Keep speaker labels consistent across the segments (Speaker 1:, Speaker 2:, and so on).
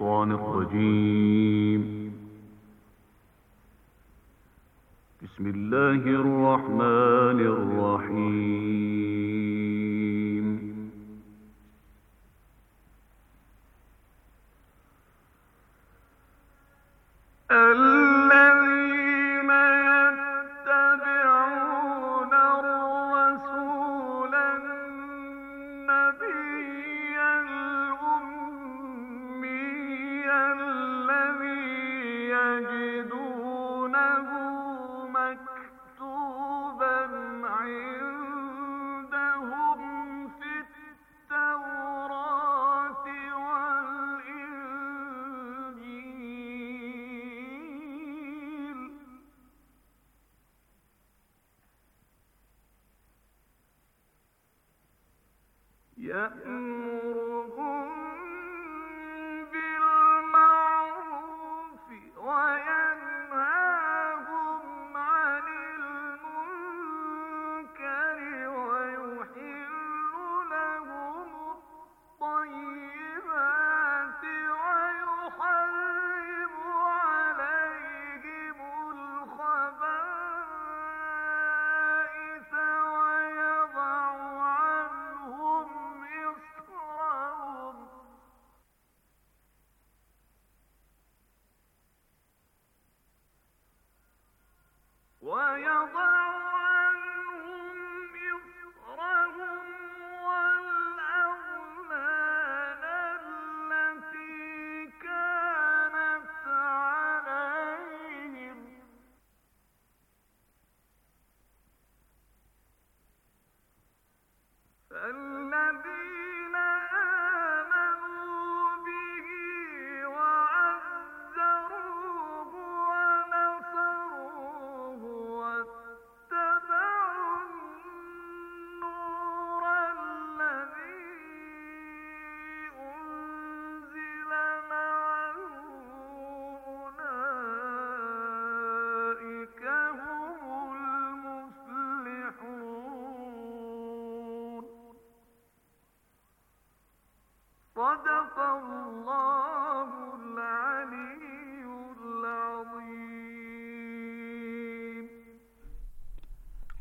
Speaker 1: الشيطان الرجيم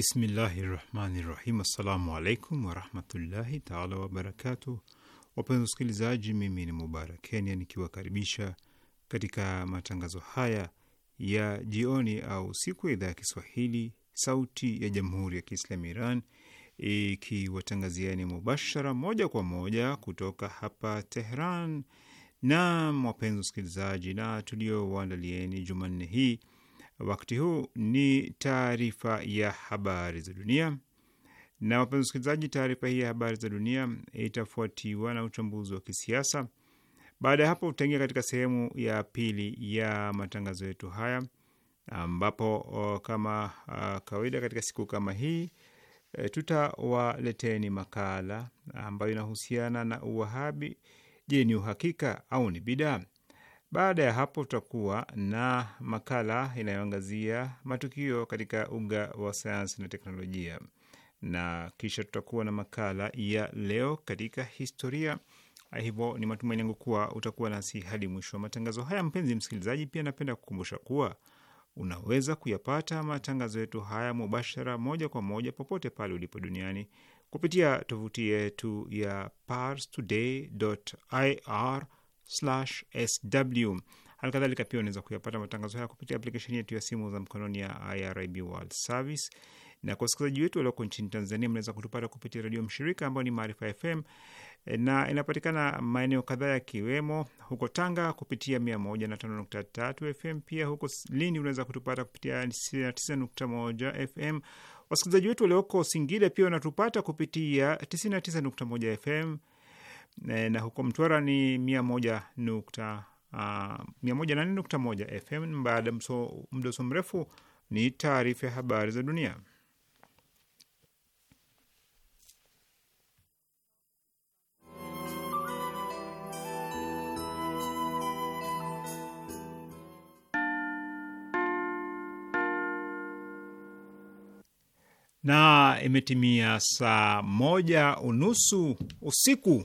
Speaker 2: Bismillahi rahmani rahim. Assalamu alaikum warahmatullahi taala wabarakatuh. Wapenzi wasikilizaji, mimi ni Mubarak Kenya nikiwakaribisha katika matangazo haya ya jioni au siku ya idhaa ya Kiswahili sauti ya jamhuri ya Kiislamu Iran ikiwatangaziani mubashara moja kwa moja kutoka hapa Tehran. Naam wapenzi wasikilizaji, na tuliowaandalieni Jumanne hii wakati huu ni taarifa ya habari za dunia. Na wapenzi wasikilizaji, taarifa hii ya habari za dunia itafuatiwa na uchambuzi wa kisiasa. Baada ya hapo, tutaingia katika sehemu ya pili ya matangazo yetu haya, ambapo kama kawaida katika siku kama hii e, tutawaleteni makala ambayo inahusiana na uwahabi. Je, ni uhakika au ni bidaa? Baada ya hapo tutakuwa na makala inayoangazia matukio katika uga wa sayansi na teknolojia, na kisha tutakuwa na makala ya leo katika historia. Hivyo ni matumaini yangu kuwa utakuwa nasi hadi mwisho wa matangazo haya. Mpenzi msikilizaji, pia napenda kukumbusha kuwa unaweza kuyapata matangazo yetu haya mubashara, moja kwa moja, popote pale ulipo duniani kupitia tovuti yetu ya parstoday.ir sw. Hali kadhalika pia unaweza kuyapata matangazo haya kupitia aplikesheni yetu ya simu za mkononi ya IRIB World Service, na kwa wasikilizaji wetu walioko nchini Tanzania, mnaweza kutupata kupitia redio mshirika ambayo ni Maarifa FM na inapatikana maeneo kadhaa yakiwemo huko Tanga kupitia 105.3 FM. Pia huko Lindi unaweza kutupata kupitia 99.1 FM. Wasikilizaji wetu walioko Singida pia wanatupata kupitia 99.1 FM. E, na huko Mtwara ni mia moja nukta mia moja na nukta moja FM. Baada mdoso mrefu ni taarifa ya habari za dunia. na imetimia saa moja unusu usiku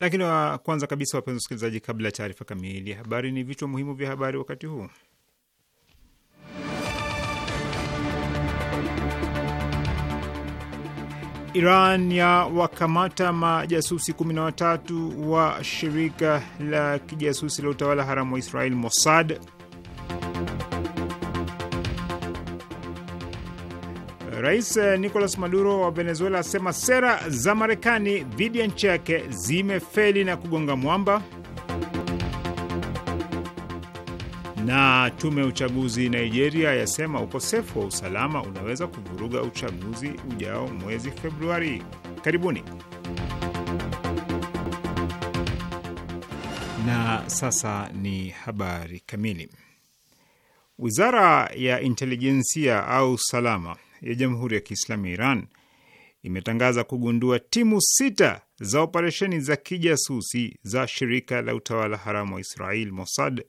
Speaker 2: Lakini wa kwanza kabisa, wapenzi wasikilizaji, kabla ya taarifa kamili ya habari, ni vichwa muhimu vya habari wakati huu. Iran ya wakamata majasusi watatu wa shirika la kijasusi la utawala haramu wa Israel Mossad. Rais eh, Nicolas Maduro wa Venezuela asema sera za Marekani dhidi ya nchi yake zimefeli na kugonga mwamba. Na tume ya uchaguzi Nigeria yasema ukosefu wa usalama unaweza kuvuruga uchaguzi ujao mwezi Februari. Karibuni. Na sasa ni habari kamili. Wizara ya intelijensia au salama ya Jamhuri ya Kiislamu ya Iran imetangaza kugundua timu sita za operesheni za kijasusi za shirika la utawala haramu wa Israel Mossad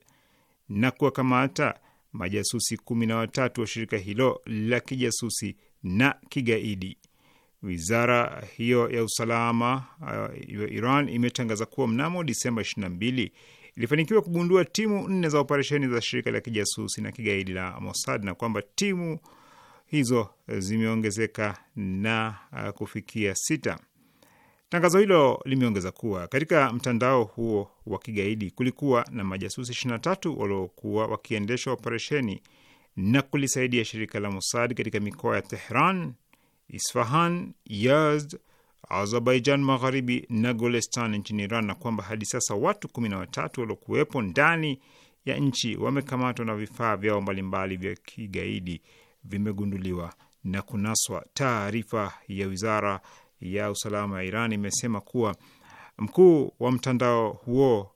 Speaker 2: na kuwakamata majasusi kumi na watatu wa shirika hilo la kijasusi na kigaidi. Wizara hiyo ya usalama uh, ya uh, Iran imetangaza kuwa mnamo Disemba 22 ilifanikiwa kugundua timu nne za operesheni za shirika la kijasusi na kigaidi la Mossad na kwamba timu hizo eh, zimeongezeka na eh, kufikia sita. Tangazo hilo limeongeza kuwa katika mtandao huo wa kigaidi kulikuwa na majasusi 23 waliokuwa wakiendesha operesheni na kulisaidia shirika la Mossad katika mikoa ya Tehran, Isfahan, Yazd, Azerbaijan Magharibi na Golestan nchini Iran, na kwamba hadi sasa watu kumi na watatu waliokuwepo ndani ya nchi wamekamatwa na vifaa vyao mbalimbali vya kigaidi vimegunduliwa na kunaswa. Taarifa ya wizara ya usalama ya Iran imesema kuwa mkuu wa mtandao huo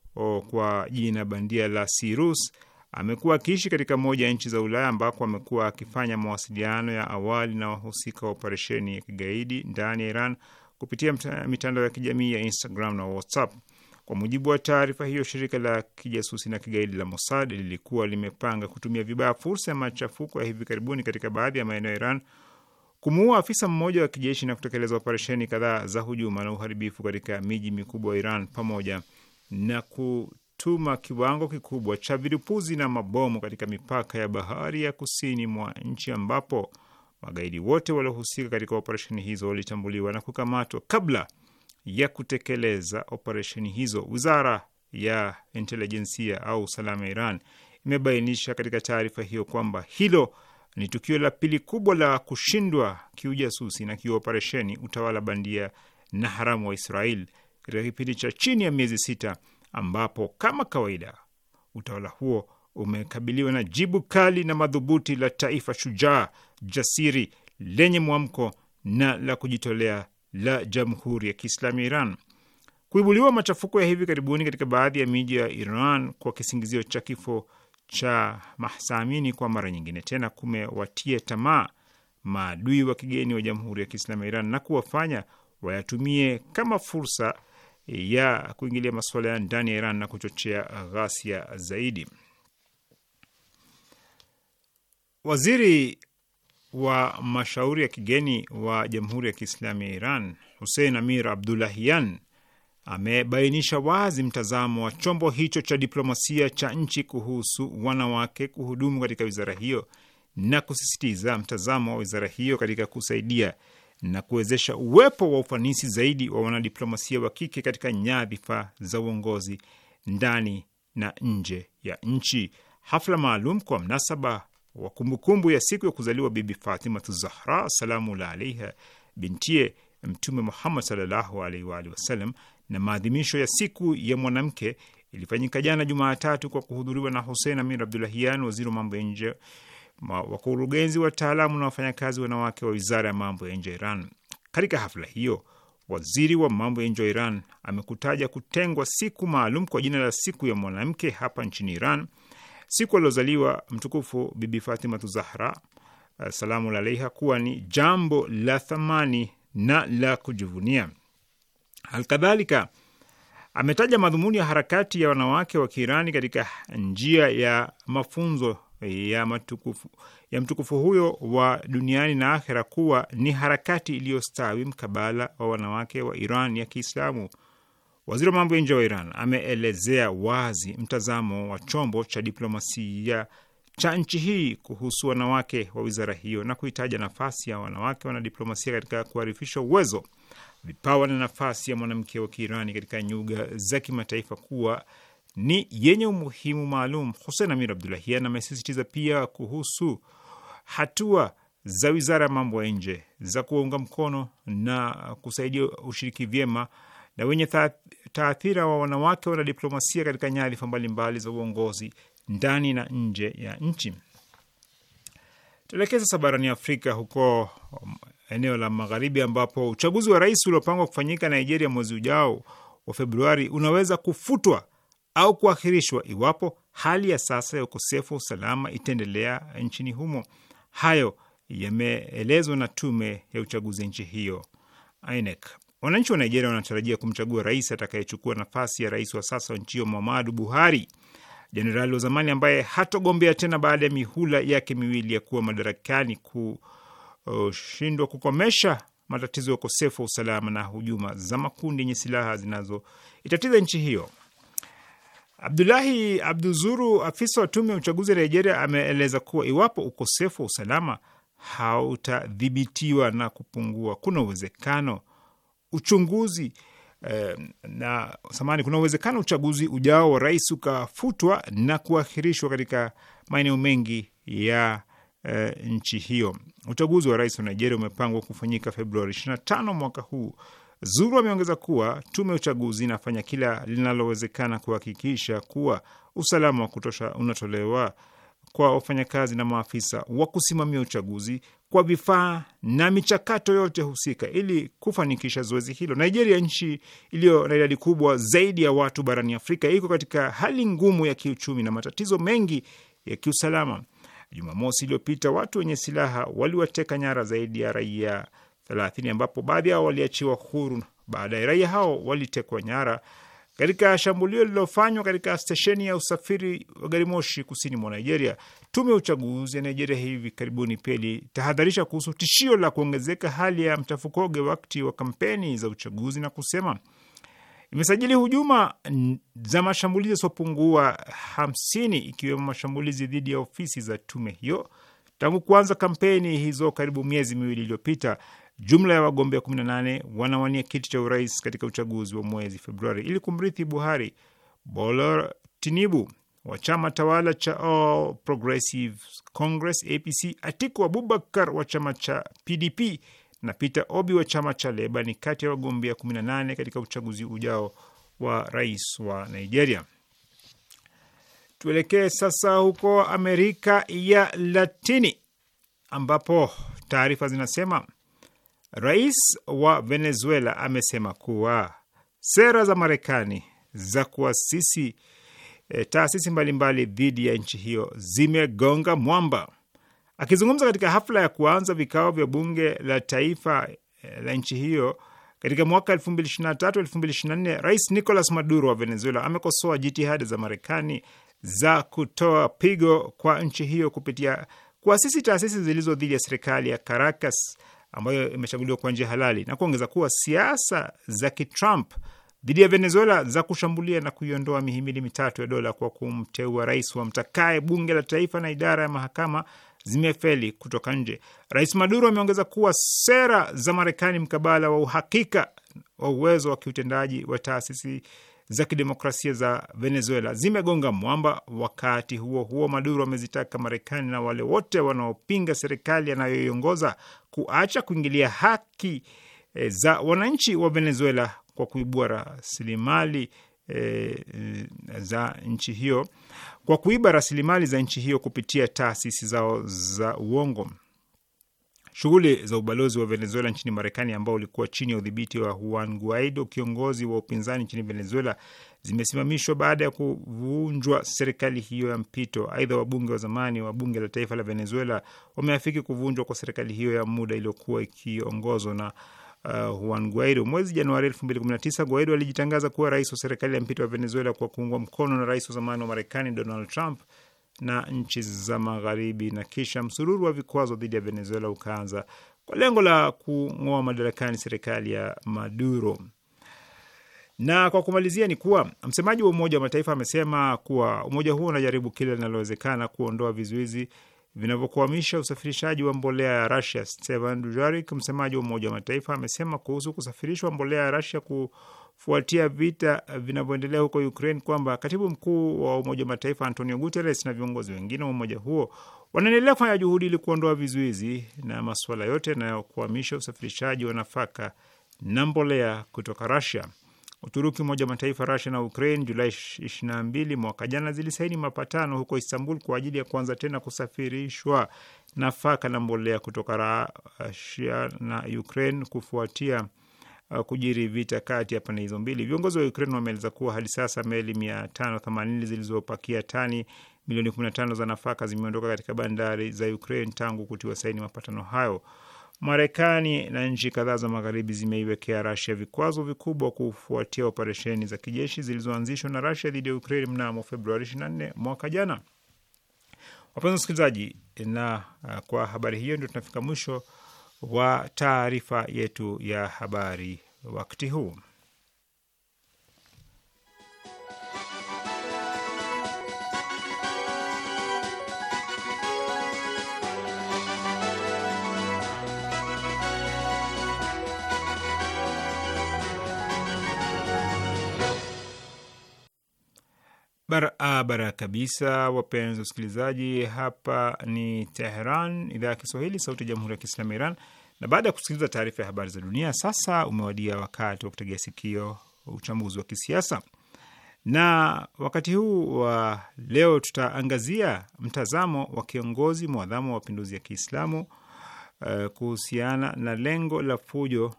Speaker 2: kwa jina bandia la Sirus amekuwa akiishi katika moja ya nchi za Ulaya ambako amekuwa akifanya mawasiliano ya awali na wahusika wa operesheni ya kigaidi ndani ya Iran kupitia mitandao ya kijamii ya Instagram na WhatsApp. Kwa mujibu wa taarifa hiyo, shirika la kijasusi na kigaidi la Mossad lilikuwa limepanga kutumia vibaya fursa ya machafuko ya hivi karibuni katika baadhi ya maeneo ya Iran kumuua afisa mmoja wa kijeshi na kutekeleza operesheni kadhaa za hujuma na uharibifu katika miji mikubwa ya Iran pamoja na kutuma kiwango kikubwa cha vilipuzi na mabomu katika mipaka ya bahari ya kusini mwa nchi ambapo magaidi wote waliohusika katika operesheni hizo walitambuliwa na kukamatwa kabla ya kutekeleza operesheni hizo. Wizara ya intelijensia au usalama ya Iran imebainisha katika taarifa hiyo kwamba hilo ni tukio la pili kubwa la kushindwa kiujasusi na kioperesheni utawala bandia na haramu wa Israel katika kipindi cha chini ya miezi sita, ambapo kama kawaida utawala huo umekabiliwa na jibu kali na madhubuti la taifa shujaa, jasiri, lenye mwamko na la kujitolea la Jamhuri ya Kiislamu ya Iran. Kuibuliwa machafuko ya hivi karibuni katika baadhi ya miji ya Iran kwa kisingizio cha kifo cha Mahsa Amini kwa mara nyingine tena kumewatia tamaa maadui wa kigeni wa Jamhuri ya Kiislamu ya Iran na kuwafanya wayatumie kama fursa ya kuingilia masuala ya ndani ya Iran na kuchochea ghasia zaidi. Waziri wa mashauri ya kigeni wa Jamhuri ya Kiislamu ya Iran Hussein Amir Abdulahian amebainisha wazi mtazamo wa chombo hicho cha diplomasia cha nchi kuhusu wanawake kuhudumu katika wizara hiyo na kusisitiza mtazamo wa wizara hiyo katika kusaidia na kuwezesha uwepo wa ufanisi zaidi wa wanadiplomasia wa kike katika nyadhifa za uongozi ndani na nje ya nchi. Hafla maalum kwa mnasaba wa kumbukumbu ya siku ya kuzaliwa Bibi Fatimatu Zahra salamullah alaiha, bintie Mtume Muhammad sallallahu alaihi wa alihi wasallam, na maadhimisho ya siku ya mwanamke ilifanyika jana Jumatatu kwa kuhudhuriwa na Husein Amir Abdulahian, waziri wa mambo ya nje, wakurugenzi, wataalamu na wafanyakazi wanawake wa wizara ya mambo ya nje ya Iran. Katika hafla hiyo, waziri wa mambo ya nje wa Iran amekutaja kutengwa siku maalum kwa jina la siku ya mwanamke hapa nchini Iran siku alilozaliwa mtukufu Bibi Fatimatu Zahra eh, salamu alaiha kuwa ni jambo la thamani na la kujivunia. Alkadhalika ametaja madhumuni ya harakati ya wanawake wa Kiirani katika njia ya mafunzo ya matukufu, ya mtukufu huyo wa duniani na akhera kuwa ni harakati iliyostawi mkabala wa wanawake wa Iran ya Kiislamu. Waziri wa mambo ya nje wa Iran ameelezea wazi mtazamo wa chombo cha diplomasia cha nchi hii kuhusu wanawake wa wizara hiyo na kuitaja nafasi ya wanawake wanadiplomasia katika kuharifisha uwezo, vipawa na nafasi ya mwanamke wa Kiirani katika nyuga za kimataifa kuwa ni yenye umuhimu maalum. Hussein Amir Abdulahian amesisitiza pia kuhusu hatua za wizara ya mambo ya nje za kuwaunga mkono na kusaidia ushiriki vyema na wenye taathira wa wanawake wanadiplomasia katika nyadhifa mbalimbali za uongozi ndani na nje ya nchi. Tuelekee sasa barani Afrika, huko um, eneo la magharibi, ambapo uchaguzi wa rais uliopangwa kufanyika Nigeria mwezi ujao wa Februari unaweza kufutwa au kuahirishwa iwapo hali ya sasa ya ukosefu wa usalama itaendelea nchini humo. Hayo yameelezwa na tume ya uchaguzi nchi hiyo INEC. Wananchi wa Nigeria wanatarajia kumchagua rais atakayechukua nafasi ya rais wa sasa wa nchi hiyo Muhammadu Buhari, jenerali wa zamani ambaye hatogombea tena baada ya mihula yake miwili ya kuwa madarakani kushindwa kukomesha matatizo ya ukosefu wa usalama na hujuma za makundi yenye silaha zinazoitatiza nchi hiyo. Abdulahi Abduzuru, afisa wa tume ya uchaguzi ya Nigeria, ameeleza kuwa iwapo ukosefu wa usalama hautadhibitiwa na kupungua, kuna uwezekano uchunguzi eh, na samani, kuna uwezekano uchaguzi ujao wa rais ukafutwa na kuahirishwa katika maeneo mengi ya eh, nchi hiyo. Uchaguzi wa rais wa Nigeria umepangwa kufanyika Februari 25 mwaka huu. Zuru ameongeza kuwa tume ya uchaguzi inafanya kila linalowezekana kuhakikisha kuwa usalama wa kutosha unatolewa kwa wafanyakazi na maafisa wa kusimamia uchaguzi kwa vifaa na michakato yote husika ili kufanikisha zoezi hilo. Nigeria, nchi iliyo na idadi kubwa zaidi ya watu barani Afrika, iko katika hali ngumu ya kiuchumi na matatizo mengi ya kiusalama. Jumamosi iliyopita watu wenye silaha waliwateka nyara zaidi ya raia 30 ambapo baadhi yao waliachiwa huru. Baadaye raia hao walitekwa nyara katika shambulio lililofanywa katika stesheni ya usafiri wa garimoshi kusini mwa Nigeria. Tume ya uchaguzi ya Nigeria hivi karibuni pia ilitahadharisha kuhusu tishio la kuongezeka hali ya mchafukoge wakati wa kampeni za uchaguzi na kusema imesajili hujuma za mashambulizi yasiopungua hamsini ikiwemo mashambulizi dhidi ya ofisi za tume hiyo tangu kuanza kampeni hizo karibu miezi miwili iliyopita. Jumla ya wagombea 18 wanawania kiti cha urais katika uchaguzi wa mwezi Februari ili kumrithi Buhari. Bola Tinubu wa chama tawala cha All Progressive Congress APC, Atiku Abubakar wa chama cha PDP na Peter Obi wa chama cha Leba ni kati ya wagombea 18 katika uchaguzi ujao wa rais wa Nigeria. Tuelekee sasa huko Amerika ya Latini ambapo taarifa zinasema Rais wa Venezuela amesema kuwa sera za Marekani za kuasisi e, taasisi mbalimbali dhidi ya nchi hiyo zimegonga mwamba. Akizungumza katika hafla ya kuanza vikao vya bunge la taifa eh, la nchi hiyo katika mwaka 2023 2024, Rais Nicolas Maduro wa Venezuela amekosoa jitihada za Marekani za kutoa pigo kwa nchi hiyo kupitia kuasisi taasisi zilizo dhidi ya serikali ya Caracas ambayo imechaguliwa kwa njia halali, na kuongeza kuwa siasa za kitrump dhidi ya Venezuela za kushambulia na kuiondoa mihimili mitatu ya dola kwa kumteua rais wa mtakae, bunge la taifa na idara ya mahakama zimefeli kutoka nje. Rais Maduro ameongeza kuwa sera za Marekani mkabala wa uhakika wa uwezo wa kiutendaji wa taasisi za kidemokrasia za Venezuela zimegonga mwamba. Wakati huo huo, Maduro amezitaka Marekani na wale wote wanaopinga serikali anayoiongoza kuacha kuingilia haki e, za wananchi wa Venezuela kwa kuibua rasilimali e, za nchi hiyo kwa kuiba rasilimali za nchi hiyo kupitia taasisi zao za uongo. Shughuli za ubalozi wa Venezuela nchini Marekani, ambao ulikuwa chini ya udhibiti wa Juan Guaido, kiongozi wa upinzani nchini Venezuela, zimesimamishwa baada ya kuvunjwa serikali hiyo ya mpito. Aidha, wabunge wa zamani wa bunge la taifa la Venezuela wameafiki kuvunjwa kwa serikali hiyo ya muda iliyokuwa ikiongozwa na Uh, Juan Guaido. Mwezi Januari 2019, Guaido alijitangaza kuwa rais wa serikali ya mpito wa Venezuela kwa kuungwa mkono na rais wa zamani wa Marekani Donald Trump na nchi za Magharibi, na kisha msururu wa vikwazo dhidi ya Venezuela ukaanza kwa lengo la kung'oa madarakani serikali ya Maduro. Na kwa kumalizia ni kuwa msemaji wa Umoja wa Mataifa amesema kuwa umoja huo unajaribu kile linalowezekana kuondoa vizuizi vinavyokwamisha usafirishaji wa mbolea ya Rasia. Stephane Dujarric, msemaji wa Umoja wa Mataifa, amesema kuhusu kusafirishwa mbolea ya Rasia ku kufuatia vita vinavyoendelea huko Ukraine kwamba katibu mkuu wa Umoja wa Mataifa Antonio Guterres na viongozi wengine wa umoja huo wanaendelea kufanya juhudi ili kuondoa vizuizi na masuala yote yanayokwamisha usafirishaji wa nafaka na mbolea kutoka rasia Uturuki, Umoja wa Mataifa, Russia na Ukraine Julai 22 mwaka jana zilisaini mapatano huko Istanbul kwa ajili ya kuanza tena kusafirishwa nafaka na mbolea kutoka rasia na Ukraine kufuatia Uh, kujiri vita kati ya pande hizo mbili. Viongozi wa Ukraine wameeleza kuwa hadi sasa meli 580 zilizopakia tani milioni 15 za nafaka zimeondoka katika bandari za Ukraine tangu kutiwa saini mapatano hayo. Marekani na nchi kadhaa za magharibi zimeiwekea Rasia vikwazo vikubwa kufuatia operesheni za kijeshi zilizoanzishwa na Rasia dhidi ya Ukraine mnamo Februari 24 mwaka jana. Wapenzi wasikilizaji, na uh, kwa habari hiyo ndio tunafika mwisho wa taarifa yetu ya habari wakati huu. Barabara kabisa, wapenzi wasikilizaji, hapa ni Teheran, idhaa ya Kiswahili, sauti ya jamhuri ya kiislamu ya Iran. Na baada ya kusikiliza taarifa ya habari za dunia, sasa umewadia wakati wa kutegea sikio uchambuzi wa kisiasa, na wakati huu wa leo tutaangazia mtazamo wa kiongozi mwadhamu wa mapinduzi ya Kiislamu uh, kuhusiana na lengo la fujo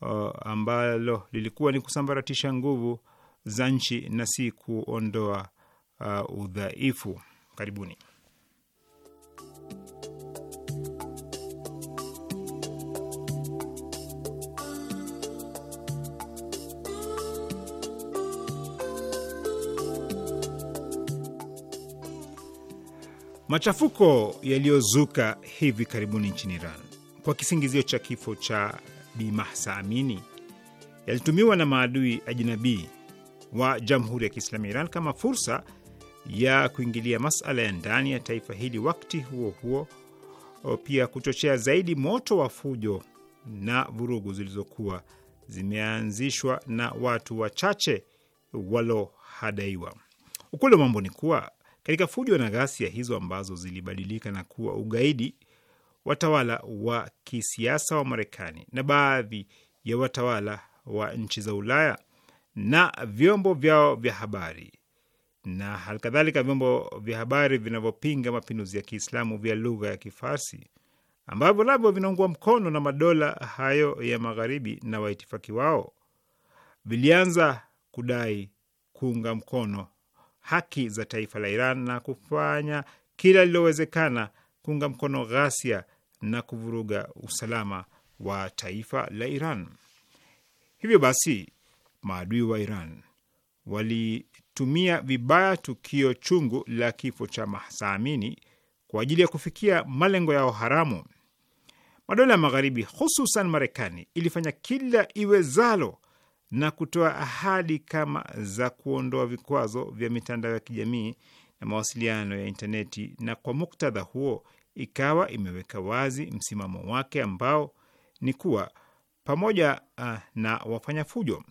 Speaker 2: uh, ambalo lilikuwa ni kusambaratisha nguvu za nchi na si kuondoa uh, udhaifu. Karibuni. Machafuko yaliyozuka hivi karibuni nchini Iran kwa kisingizio cha kifo cha Bi Mahsa Amini yalitumiwa na maadui ajnabii wa Jamhuri ya Kiislamu ya Iran kama fursa ya kuingilia masala ya ndani ya taifa hili, wakati huo huo pia kuchochea zaidi moto wa fujo na vurugu zilizokuwa zimeanzishwa na watu wachache walohadaiwa. Ukweli wa mambo ni kuwa katika fujo na ghasia hizo ambazo zilibadilika na kuwa ugaidi, watawala wa kisiasa wa Marekani na baadhi ya watawala wa nchi za Ulaya na vyombo vyao vya habari na halikadhalika vyombo vya habari vinavyopinga mapinduzi ya Kiislamu vya lugha ya Kifarsi ambavyo navyo vinaungwa mkono na madola hayo ya magharibi na waitifaki wao vilianza kudai kuunga mkono haki za taifa la Iran na kufanya kila lilowezekana kuunga mkono ghasia na kuvuruga usalama wa taifa la Iran. Hivyo basi, maadui wa Iran walitumia vibaya tukio chungu la kifo cha Mahsa Amini kwa ajili ya kufikia malengo yao haramu. Madola ya Magharibi, hususan Marekani, ilifanya kila iwezalo na kutoa ahadi kama za kuondoa vikwazo vya mitandao ya kijamii na mawasiliano ya intaneti, na kwa muktadha huo ikawa imeweka wazi msimamo wake ambao ni kuwa pamoja uh, na wafanya fujo.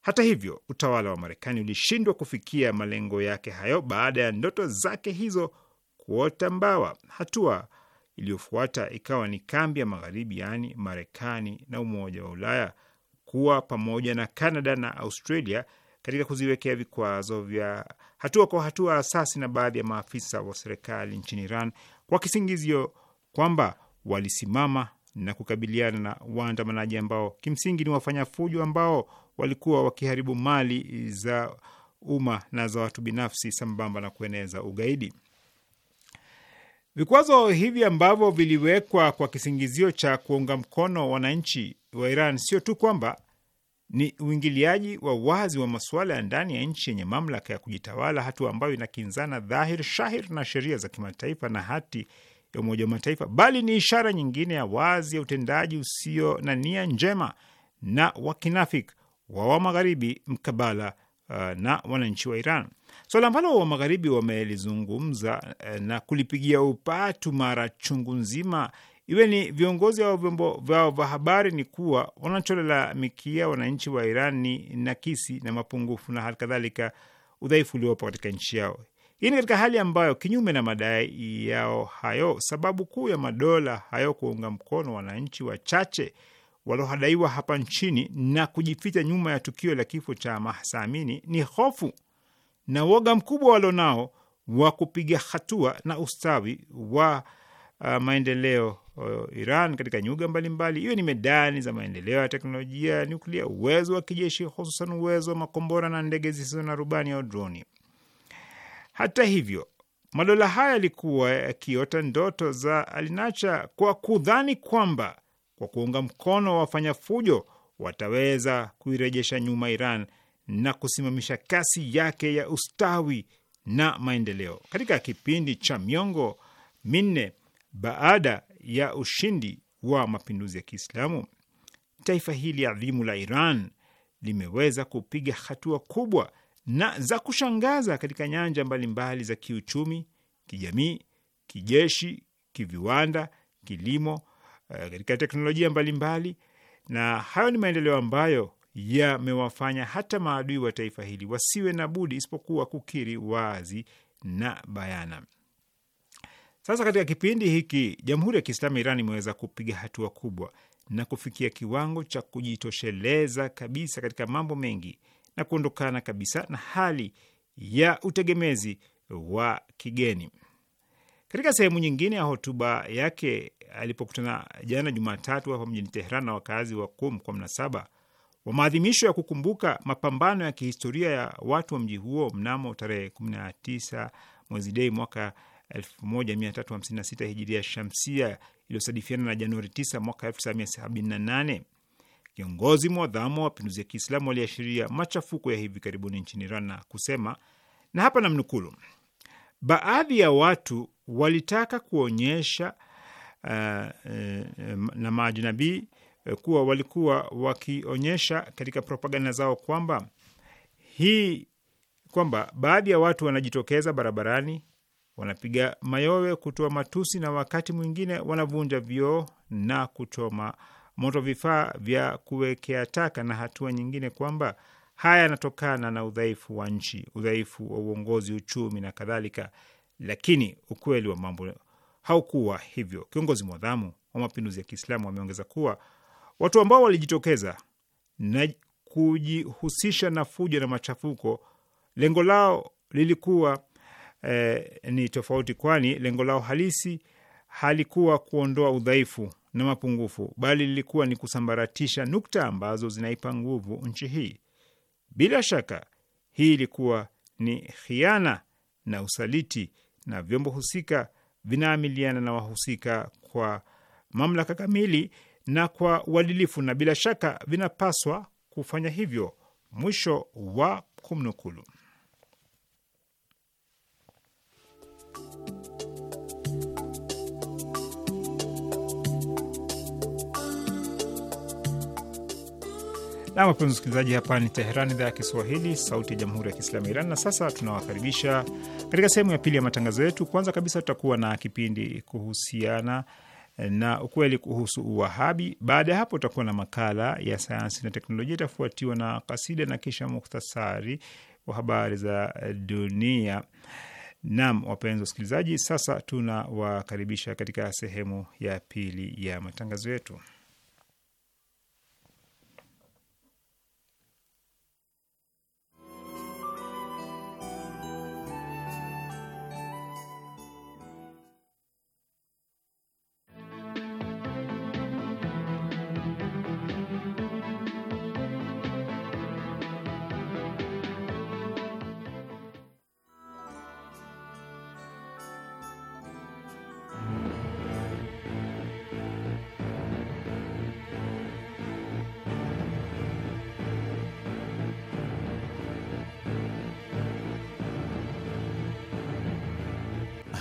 Speaker 2: Hata hivyo, utawala wa Marekani ulishindwa kufikia malengo yake hayo baada ya ndoto zake hizo kuota mbawa. Hatua iliyofuata ikawa ni kambi ya magharibi, yaani Marekani na Umoja wa Ulaya kuwa pamoja na Canada na Australia katika kuziwekea vikwazo vya hatua kwa hatua asasi na baadhi ya maafisa wa serikali nchini Iran kwa kisingizio kwamba walisimama na kukabiliana na waandamanaji ambao kimsingi ni wafanya fujo ambao walikuwa wakiharibu mali za umma na za watu binafsi sambamba na kueneza ugaidi. Vikwazo hivi ambavyo viliwekwa kwa kisingizio cha kuunga mkono wananchi wa Iran sio tu kwamba ni uingiliaji wa wazi wa masuala ya ndani ya nchi yenye mamlaka ya kujitawala, hatua ambayo inakinzana dhahir shahir na sheria za kimataifa na hati ya Umoja wa Mataifa, bali ni ishara nyingine ya wazi ya utendaji usio na nia njema na wakinafik wa wa Magharibi mkabala uh, na wananchi wa Iran swala so, ambalo wa Magharibi wamelizungumza uh, na kulipigia upatu mara chungu nzima iwe ni viongozi au vyombo vyao vya habari, ni kuwa wanacholalamikia wananchi wa Iran ni nakisi na mapungufu na hali kadhalika udhaifu uliopo katika nchi yao. Hii ni katika hali ambayo, kinyume na madai yao hayo, sababu kuu ya madola hayo kuunga mkono wananchi wachache walohadaiwa hapa nchini na kujificha nyuma ya tukio la kifo cha Mahsa Amini ni hofu na woga mkubwa walonao wa kupiga hatua na ustawi wa uh, maendeleo uh, Iran katika nyuga mbalimbali, hiyo ni medani za maendeleo ya teknolojia ya nuklia, uwezo wa kijeshi, hususan uwezo wa makombora na ndege zisizo na rubani au droni. Hata hivyo madola haya yalikuwa yakiota ndoto za alinacha kwa kudhani kwamba kwa kuunga mkono wa wafanya fujo wataweza kuirejesha nyuma Iran na kusimamisha kasi yake ya ustawi na maendeleo. Katika kipindi cha miongo minne baada ya ushindi wa mapinduzi ya Kiislamu, taifa hili adhimu la Iran limeweza kupiga hatua kubwa na za kushangaza katika nyanja mbalimbali mbali za kiuchumi, kijamii, kijeshi, kiviwanda, kilimo, eh, katika teknolojia mbalimbali mbali. Na hayo ni maendeleo ambayo yamewafanya hata maadui wa taifa hili wasiwe na budi isipokuwa kukiri wazi na bayana. Sasa katika kipindi hiki Jamhuri ya Kiislamu ya Iran imeweza kupiga hatua kubwa na kufikia kiwango cha kujitosheleza kabisa katika mambo mengi na kuondokana kabisa na hali ya utegemezi wa kigeni. Katika sehemu nyingine ya hotuba yake alipokutana jana Jumatatu hapa mjini Tehran na wakazi wa Kum kwa mnasaba wa maadhimisho ya kukumbuka mapambano ya kihistoria ya watu wa mji huo mnamo tarehe 19 mwezi Dei mwaka 1356 hijiria shamsia iliyosadifiana na Januari 9 mwaka 1978. Kiongozi mwadhamu wa mapinduzi ya Kiislamu aliashiria machafuko ya hivi karibuni nchini Iran na kusema, na hapa namnukulu baadhi ya watu walitaka kuonyesha uh, uh, na maajinabii uh, kuwa walikuwa wakionyesha katika propaganda zao kwamba hii kwamba baadhi ya watu wanajitokeza barabarani wanapiga mayowe, kutoa matusi na wakati mwingine wanavunja vioo na kuchoma moto vifaa vya kuwekea taka, na hatua nyingine kwamba haya yanatokana na udhaifu wa nchi, udhaifu wa uongozi, uchumi na kadhalika. Lakini ukweli wa mambo haukuwa hivyo. Kiongozi mwadhamu wa mapinduzi ya Kiislamu wameongeza kuwa watu ambao walijitokeza na kujihusisha na fujo na machafuko, lengo lao lilikuwa Eh, ni tofauti, kwani lengo lao halisi halikuwa kuondoa udhaifu na mapungufu, bali lilikuwa ni kusambaratisha nukta ambazo zinaipa nguvu nchi hii. Bila shaka hii ilikuwa ni khiana na usaliti, na vyombo husika vinaamiliana na wahusika kwa mamlaka kamili na kwa uadilifu, na bila shaka vinapaswa kufanya hivyo. Mwisho wa kumnukulu. Na wapenzi wasikilizaji, hapa ni Teheran, idhaa ya Kiswahili, sauti ya jamhuri ya kiislamu ya Iran. Na sasa tunawakaribisha katika sehemu ya pili ya matangazo yetu. Kwanza kabisa, tutakuwa na kipindi kuhusiana na ukweli kuhusu Uwahabi. Baada ya hapo, tutakuwa na makala ya sayansi na teknolojia, itafuatiwa na kasida na kisha muhtasari wa habari za dunia. Naam, wapenzi wasikilizaji, sasa tunawakaribisha katika sehemu ya pili ya matangazo yetu.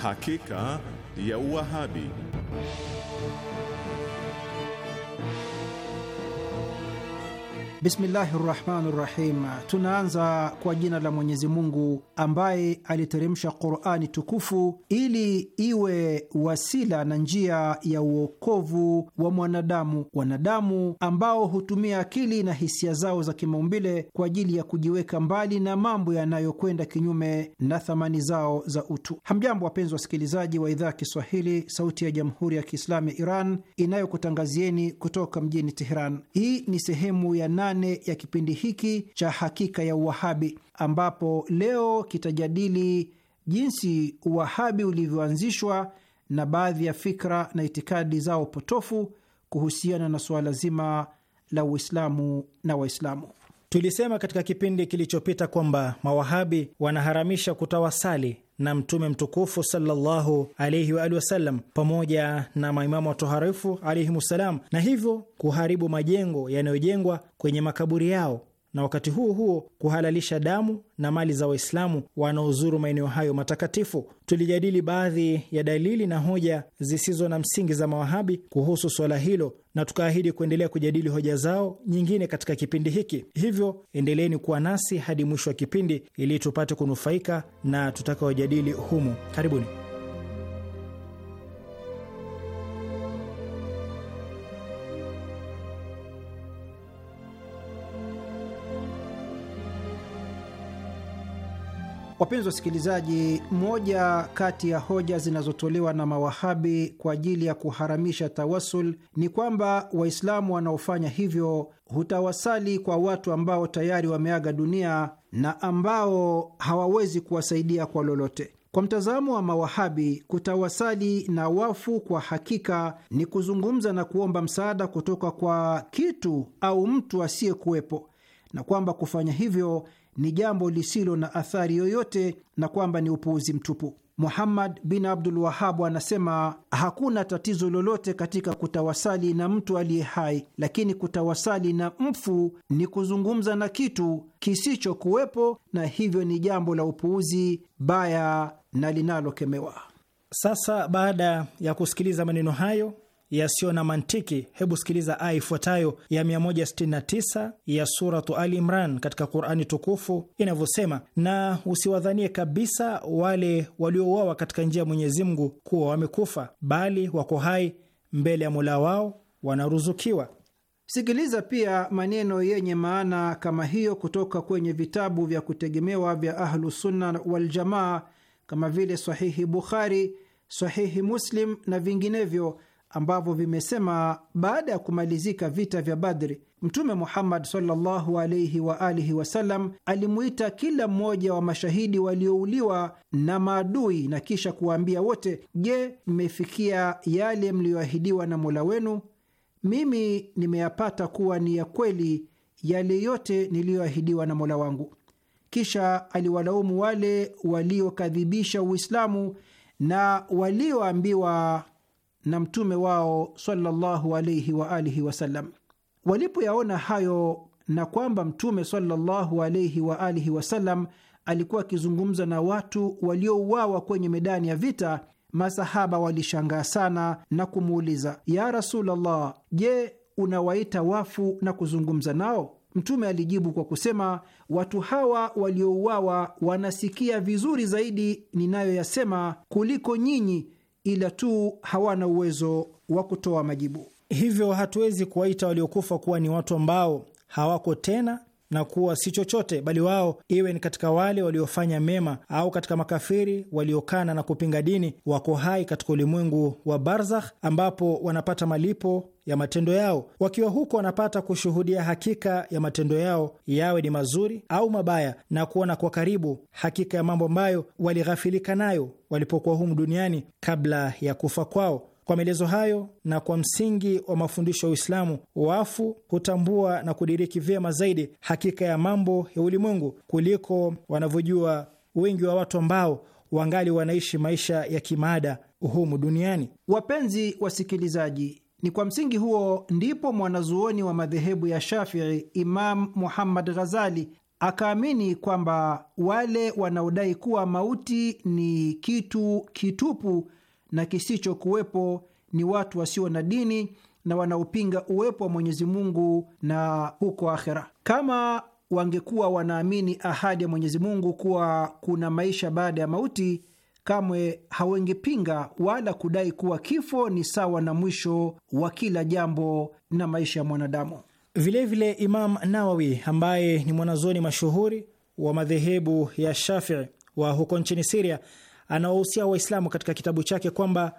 Speaker 3: hakika ya Uwahabi. Bismillahi
Speaker 4: rahmani rahim. Tunaanza kwa jina la Mwenyezi Mungu ambaye aliteremsha Qurani tukufu ili iwe wasila na njia ya uokovu wa mwanadamu, wanadamu ambao hutumia akili na hisia zao za kimaumbile kwa ajili ya kujiweka mbali na mambo yanayokwenda kinyume na thamani zao za utu. Hamjambo, wapenzi wasikilizaji wa idhaa ya Kiswahili, Sauti ya Jamhuri ya Kiislamu ya Iran inayokutangazieni kutoka mjini Teheran. Hii ni sehemu ya nane ya kipindi hiki cha Hakika ya Uwahabi, ambapo leo kitajadili jinsi Uwahabi ulivyoanzishwa na baadhi ya fikra na itikadi zao potofu kuhusiana na suala zima la Uislamu na Waislamu.
Speaker 5: Tulisema katika kipindi kilichopita
Speaker 4: kwamba mawahabi wanaharamisha kutawasali
Speaker 5: na Mtume mtukufu sallallahu alaihi wa alihi wasallam pamoja na maimamu watoharifu ssalam, na hivyo kuharibu majengo yanayojengwa kwenye makaburi yao na wakati huo huo kuhalalisha damu na mali za Waislamu wanaozuru maeneo hayo matakatifu. Tulijadili baadhi ya dalili na hoja zisizo na msingi za mawahabi kuhusu swala hilo, na tukaahidi kuendelea kujadili hoja zao nyingine katika kipindi hiki. Hivyo endeleeni kuwa nasi hadi mwisho wa kipindi ili tupate kunufaika na tutakaojadili humu. Karibuni.
Speaker 4: Wapenzi wasikilizaji, moja kati ya hoja zinazotolewa na mawahabi kwa ajili ya kuharamisha tawasul ni kwamba Waislamu wanaofanya hivyo hutawasali kwa watu ambao tayari wameaga dunia na ambao hawawezi kuwasaidia kwa lolote. Kwa mtazamo wa mawahabi, kutawasali na wafu kwa hakika ni kuzungumza na kuomba msaada kutoka kwa kitu au mtu asiyekuwepo, na kwamba kufanya hivyo ni jambo lisilo na athari yoyote na kwamba ni upuuzi mtupu. Muhammad bin Abdul Wahabu anasema hakuna tatizo lolote katika kutawasali na mtu aliye hai, lakini kutawasali na mfu ni kuzungumza na kitu kisichokuwepo, na hivyo ni jambo la upuuzi baya na linalokemewa. Sasa baada ya kusikiliza maneno hayo
Speaker 5: yasiyo na mantiki, hebu sikiliza aya ifuatayo ya 169 ya Suratu Ali Imran katika Qurani tukufu inavyosema: na usiwadhanie kabisa wale waliouawa katika njia ya Mwenyezi Mungu kuwa wamekufa, bali wako hai
Speaker 4: mbele ya Mola wao wanaruzukiwa. Sikiliza pia maneno yenye maana kama hiyo kutoka kwenye vitabu vya kutegemewa vya Ahlusunna Waljamaa kama vile Sahihi Bukhari, Sahihi Muslim na vinginevyo ambavyo vimesema baada ya kumalizika vita vya Badri, Mtume Muhammad sallallahu alaihi wa alihi wasallam alimuita kila mmoja wa mashahidi waliouliwa na maadui na kisha kuwaambia wote, je, mmefikia yale mliyoahidiwa na mola wenu? Mimi nimeyapata kuwa ni ya kweli yale yote niliyoahidiwa na mola wangu. Kisha aliwalaumu wale waliokadhibisha Uislamu na walioambiwa na mtume wao sallallahu alaihi wa alihi wasallam. Walipoyaona hayo na kwamba mtume sallallahu alaihi wa alihi wasallam alikuwa akizungumza na watu waliouawa kwenye medani ya vita, masahaba walishangaa sana na kumuuliza, ya Rasulullah, je, unawaita wafu na kuzungumza nao? Mtume alijibu kwa kusema, watu hawa waliouawa wanasikia vizuri zaidi ninayoyasema kuliko nyinyi ila tu hawana uwezo wa kutoa majibu. Hivyo hatuwezi kuwaita waliokufa kuwa ni watu ambao hawako tena
Speaker 5: na kuwa si chochote bali wao, iwe ni katika wale waliofanya mema au katika makafiri waliokana na kupinga dini, wako hai katika ulimwengu wa barzakh, ambapo wanapata malipo ya matendo yao. Wakiwa huko, wanapata kushuhudia hakika ya matendo yao, yawe ni mazuri au mabaya, na kuona kwa karibu hakika ya mambo ambayo walighafilika nayo walipokuwa humu duniani kabla ya kufa kwao. Kwa maelezo hayo na kwa msingi wa mafundisho ya Uislamu, wafu hutambua na kudiriki vyema zaidi hakika ya mambo ya ulimwengu kuliko wanavyojua wengi wa watu ambao
Speaker 4: wangali wanaishi maisha ya kimaada humu duniani. Wapenzi wasikilizaji, ni kwa msingi huo ndipo mwanazuoni wa madhehebu ya Shafii Imam Muhammad Ghazali akaamini kwamba wale wanaodai kuwa mauti ni kitu kitupu na kisichokuwepo ni watu wasio na dini na wanaopinga uwepo wa Mwenyezi Mungu na huko akhera. Kama wangekuwa wanaamini ahadi ya Mwenyezi Mungu kuwa kuna maisha baada ya mauti, kamwe hawengepinga wala kudai kuwa kifo ni sawa na mwisho wa kila jambo na maisha ya mwanadamu. Vilevile vile Imam Nawawi
Speaker 5: ambaye ni mwanazoni mashuhuri wa madhehebu ya Shafii wa huko nchini Siria anawahusia Waislamu katika kitabu chake kwamba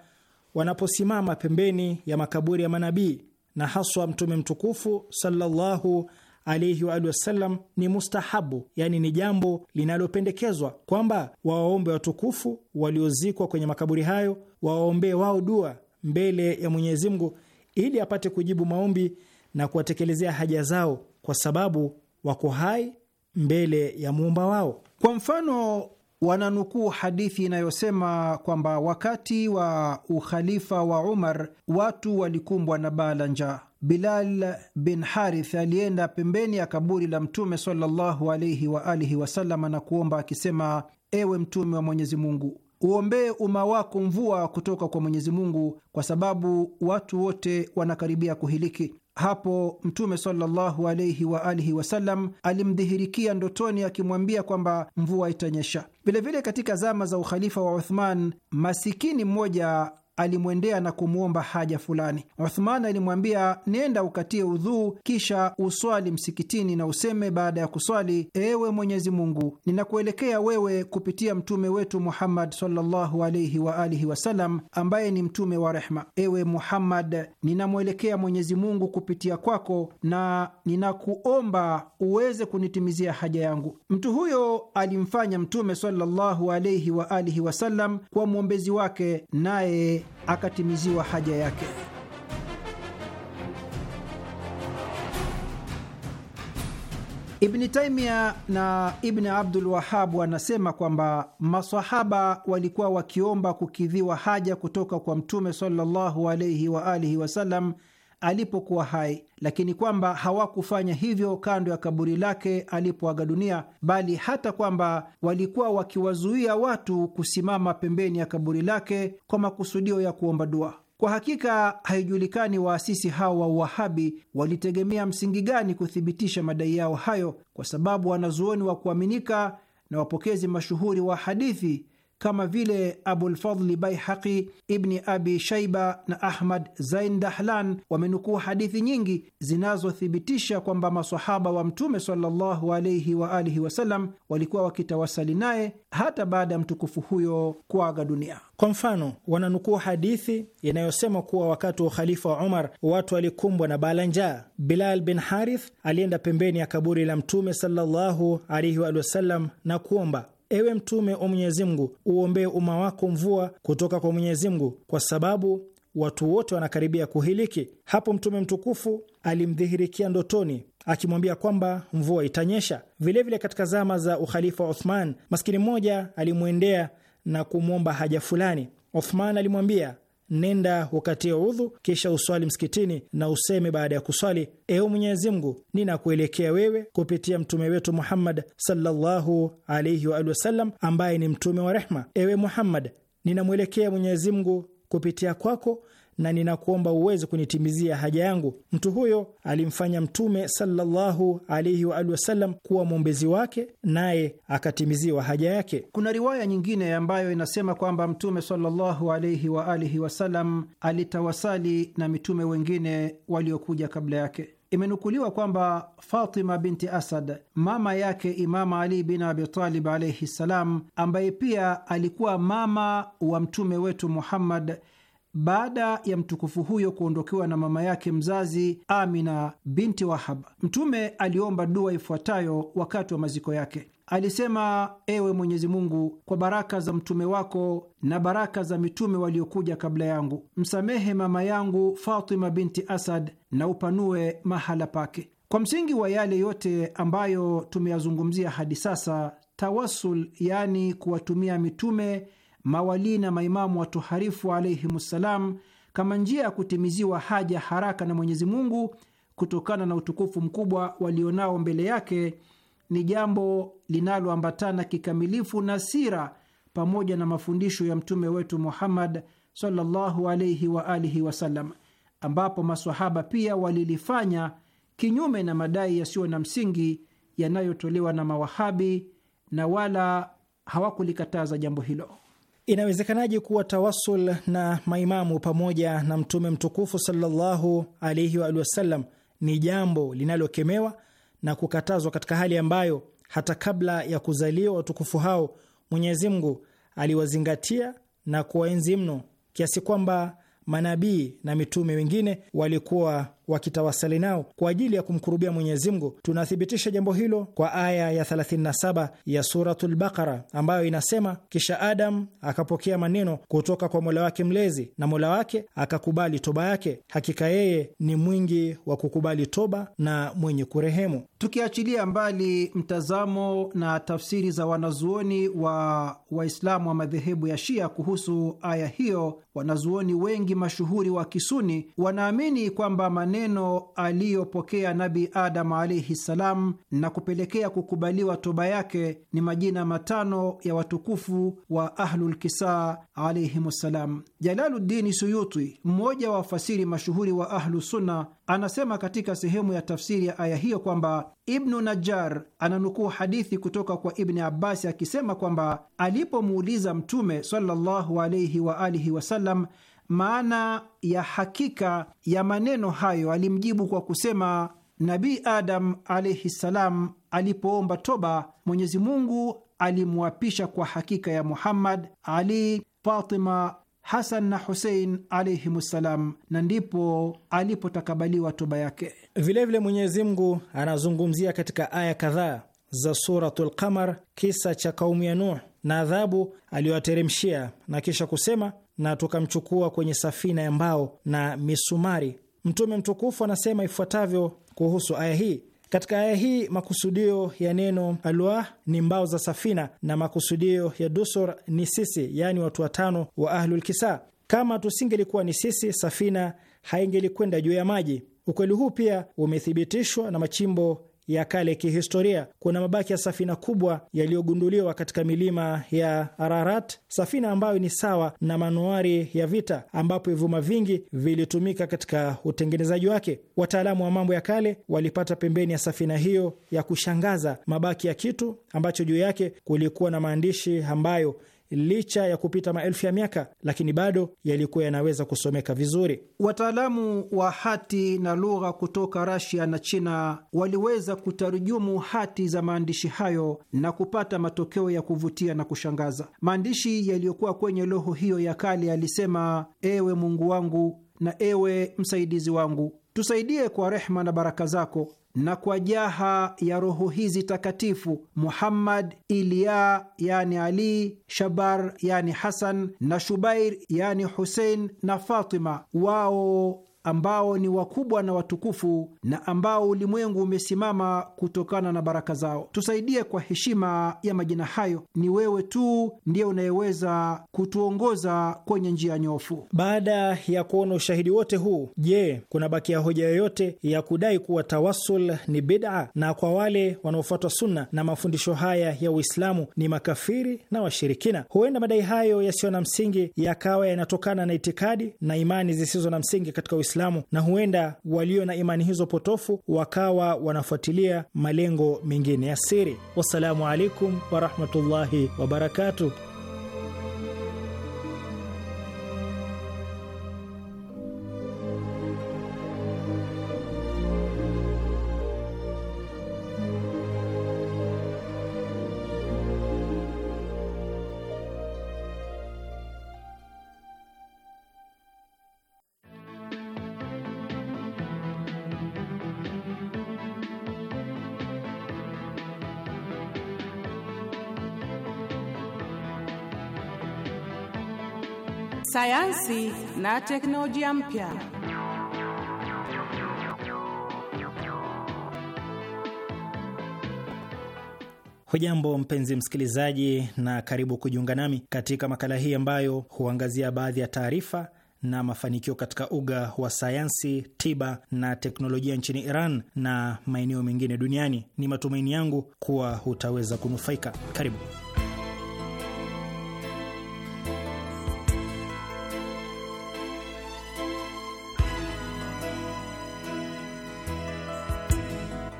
Speaker 5: wanaposimama pembeni ya makaburi ya manabii na haswa Mtume mtukufu sallallahu alaihi wa alihi wasallam, ni mustahabu, yaani ni jambo linalopendekezwa kwamba wawaombe watukufu waliozikwa kwenye makaburi hayo, wawaombee wao dua mbele ya Mwenyezi Mungu ili apate kujibu maombi na kuwatekelezea haja zao, kwa sababu
Speaker 4: wako hai mbele ya muumba wao. Kwa mfano wananukuu hadithi inayosema kwamba wakati wa ukhalifa wa Umar watu walikumbwa na baa la njaa. Bilal bin Harith alienda pembeni ya kaburi la Mtume sallallahu alaihi wa alihi wasallam na kuomba akisema, ewe Mtume wa Mwenyezi Mungu, uombee umma wako mvua kutoka kwa Mwenyezi Mungu, kwa sababu watu wote wanakaribia kuhiliki. Hapo Mtume sallallahu alaihi wa alihi wasallam alimdhihirikia ndotoni akimwambia kwamba mvua itanyesha. Vilevile katika zama za ukhalifa wa Uthman, masikini mmoja alimwendea na kumwomba haja fulani. Uthman alimwambia, nenda ukatie udhuu, kisha uswali msikitini na useme baada ya kuswali, ewe Mwenyezi Mungu, ninakuelekea wewe kupitia mtume wetu Muhammad sallallahu alaihi wa alihi wasallam, ambaye ni mtume wa rehma. Ewe Muhammad, ninamwelekea Mwenyezi Mungu kupitia kwako na ninakuomba uweze kunitimizia haja yangu. Mtu huyo alimfanya mtume sallallahu alaihi wa alihi wasallam kuwa mwombezi wake, naye akatimiziwa haja yake. Ibni Taimia na Ibni Abdul Wahab wanasema kwamba masahaba walikuwa wakiomba kukidhiwa haja kutoka kwa Mtume sallallahu alaihi waalihi wasalam alipokuwa hai, lakini kwamba hawakufanya hivyo kando ya kaburi lake alipoaga dunia, bali hata kwamba walikuwa wakiwazuia watu kusimama pembeni ya kaburi lake kwa makusudio ya kuomba dua. Kwa hakika haijulikani waasisi hao wa Uwahabi walitegemea msingi gani kuthibitisha madai yao hayo, kwa sababu wanazuoni wa kuaminika na wapokezi mashuhuri wa hadithi kama vile Abulfadli Baihaqi, Ibni Abi Shaiba na Ahmad Zain Dahlan wamenukuu hadithi nyingi zinazothibitisha kwamba masahaba wa Mtume sallallahu alaihi wa alihi wasallam walikuwa wakitawasali naye hata baada ya mtukufu huyo kuaga dunia. Kwa mfano, wananukuu hadithi inayosema kuwa wakati wa ukhalifa
Speaker 5: wa Umar watu walikumbwa na bala njaa. Bilal bin Harith alienda pembeni ya kaburi la Mtume sallallahu alaihi wa alihi wasallam na kuomba Ewe Mtume wa Mwenyezi Mungu, uombee umma wako mvua kutoka kwa Mwenyezi Mungu, kwa sababu watu wote wanakaribia kuhiliki. Hapo Mtume mtukufu alimdhihirikia ndotoni akimwambia kwamba mvua itanyesha. Vilevile vile katika zama za ukhalifa wa Othman, maskini mmoja alimwendea na kumwomba haja fulani. Othman alimwambia nenda ukatie udhu, kisha uswali msikitini na useme baada ya kuswali: ewe Mwenyezi Mungu, ninakuelekea wewe kupitia mtume wetu Muhammad sallallahu alaihi wa alihi wasallam, ambaye ni mtume wa rehma. Ewe Muhammad, ninamwelekea Mwenyezi Mungu kupitia kwako na ninakuomba uweze kunitimizia haja yangu. Mtu huyo alimfanya Mtume sallallahu alaihi wa alihi
Speaker 4: wasallam kuwa mwombezi wake, naye akatimiziwa haja yake. Kuna riwaya nyingine ambayo inasema kwamba Mtume sallallahu alaihi wa alihi wasallam alitawasali na mitume wengine waliokuja kabla yake. Imenukuliwa kwamba Fatima binti Asad, mama yake Imama Ali bin Abitalib alaihi ssalam, ambaye pia alikuwa mama wa mtume wetu Muhammad baada ya mtukufu huyo kuondokewa na mama yake mzazi Amina binti Wahab. Mtume aliomba dua ifuatayo wakati wa maziko yake. Alisema, ewe Mwenyezi Mungu, kwa baraka za mtume wako na baraka za mitume waliokuja kabla yangu, msamehe mama yangu Fatima binti Asad na upanue mahala pake. Kwa msingi wa yale yote ambayo tumeyazungumzia hadi sasa, tawasul, yaani kuwatumia mitume mawalii na maimamu watuharifu alaihimussalam, kama njia ya kutimiziwa haja haraka na Mwenyezi Mungu kutokana na utukufu mkubwa walionao mbele yake ni jambo linaloambatana kikamilifu na sira pamoja na mafundisho ya mtume wetu Muhammad sallallahu alaihi wa alihi wasallam, ambapo masahaba pia walilifanya kinyume na madai yasiyo na msingi yanayotolewa na mawahabi na wala hawakulikataza jambo hilo.
Speaker 5: Inawezekanaje kuwa tawasul na maimamu pamoja na mtume mtukufu sallallahu alaihi waalihi wasallam ni jambo linalokemewa na kukatazwa katika hali ambayo hata kabla ya kuzaliwa watukufu hao Mwenyezi Mungu aliwazingatia na kuwaenzi mno kiasi kwamba manabii na mitume wengine walikuwa wakitawasali nao kwa ajili ya kumkurubia Mwenyezi Mungu. Tunathibitisha jambo hilo kwa aya ya 37 ya Suratul Baqara ambayo inasema, kisha Adam akapokea maneno kutoka kwa Mola wake mlezi na Mola wake akakubali toba yake, hakika yeye ni mwingi wa kukubali toba
Speaker 4: na mwenye kurehemu. Tukiachilia mbali mtazamo na tafsiri za wanazuoni wa Waislamu wa madhehebu ya Shia kuhusu aya hiyo, wanazuoni wengi mashuhuri wa Kisuni wanaamini kwamba maneno maneno aliyopokea Nabi Adamu alaihi ssalam na kupelekea kukubaliwa toba yake ni majina matano ya watukufu wa Ahlulkisaa alaihim ssalam. Jalaludini Suyuti, mmoja wa wafasiri mashuhuri wa Ahlusunna, anasema katika sehemu ya tafsiri ya aya hiyo kwamba Ibnu Najjar ananukuu hadithi kutoka kwa Ibni Abbasi akisema kwamba alipomuuliza Mtume sallallahu alaihi waalihi wasallam maana ya hakika ya maneno hayo, alimjibu kwa kusema, Nabii Adam alaihi ssalam alipoomba toba, Mwenyezi Mungu alimwapisha kwa hakika ya Muhammad, Ali, Fatima, Hasan na Husein alaihim ssalam, na ndipo alipotakabaliwa toba yake. Vilevile Mwenyezi Mungu anazungumzia katika aya
Speaker 5: kadhaa za suratu lqamar kisa cha kaumu ya Nuh na adhabu aliyoateremshia na kisha kusema na tukamchukua kwenye safina ya mbao na misumari. Mtume mtukufu anasema ifuatavyo kuhusu aya hii: katika aya hii makusudio ya neno alwah ni mbao za safina, na makusudio ya dusur ni sisi, yaani watu watano wa Ahlulkisa. Kama tusingelikuwa ni sisi, safina haingelikwenda juu ya maji. Ukweli huu pia umethibitishwa na machimbo ya kale ya kihistoria. Kuna mabaki ya safina kubwa yaliyogunduliwa katika milima ya Ararat, safina ambayo ni sawa na manuari ya vita, ambapo vyuma vingi vilitumika katika utengenezaji wake. Wataalamu wa mambo ya kale walipata pembeni ya safina hiyo ya kushangaza mabaki ya kitu ambacho juu yake kulikuwa na maandishi ambayo licha
Speaker 4: ya kupita maelfu ya miaka, lakini bado
Speaker 5: yalikuwa yanaweza kusomeka vizuri.
Speaker 4: Wataalamu wa hati na lugha kutoka Rasia na China waliweza kutarujumu hati za maandishi hayo na kupata matokeo ya kuvutia na kushangaza. Maandishi yaliyokuwa kwenye loho hiyo ya kale yalisema: ewe Mungu wangu na ewe msaidizi wangu, tusaidie kwa rehma na baraka zako na kwa jaha ya roho hizi takatifu Muhammad, Iliya yani Ali, Shabar yani Hasan na Shubair yani Husein na Fatima, wao ambao ni wakubwa na watukufu na ambao ulimwengu umesimama kutokana na baraka zao. Tusaidie kwa heshima ya majina hayo. Ni wewe tu ndiye unayeweza kutuongoza kwenye njia nyofu. Baada ya kuona ushahidi wote huu, je,
Speaker 5: kuna bakia hoja yoyote ya kudai kuwa tawasul ni bid'a na kwa wale wanaofuatwa sunna na mafundisho haya ya Uislamu ni makafiri na washirikina? Huenda madai hayo yasiyo na msingi yakawa yanatokana na itikadi na imani zisizo na msingi katika Uislamu Waislamu, na huenda walio na imani hizo potofu wakawa wanafuatilia malengo mengine ya siri. Wassalamu alaikum warahmatullahi wabarakatuh.
Speaker 3: sayansi na teknolojia mpya.
Speaker 5: Hujambo mpenzi msikilizaji, na karibu kujiunga nami katika makala hii ambayo huangazia baadhi ya taarifa na mafanikio katika uga wa sayansi, tiba na teknolojia nchini Iran na maeneo mengine duniani. Ni matumaini yangu kuwa hutaweza kunufaika. Karibu.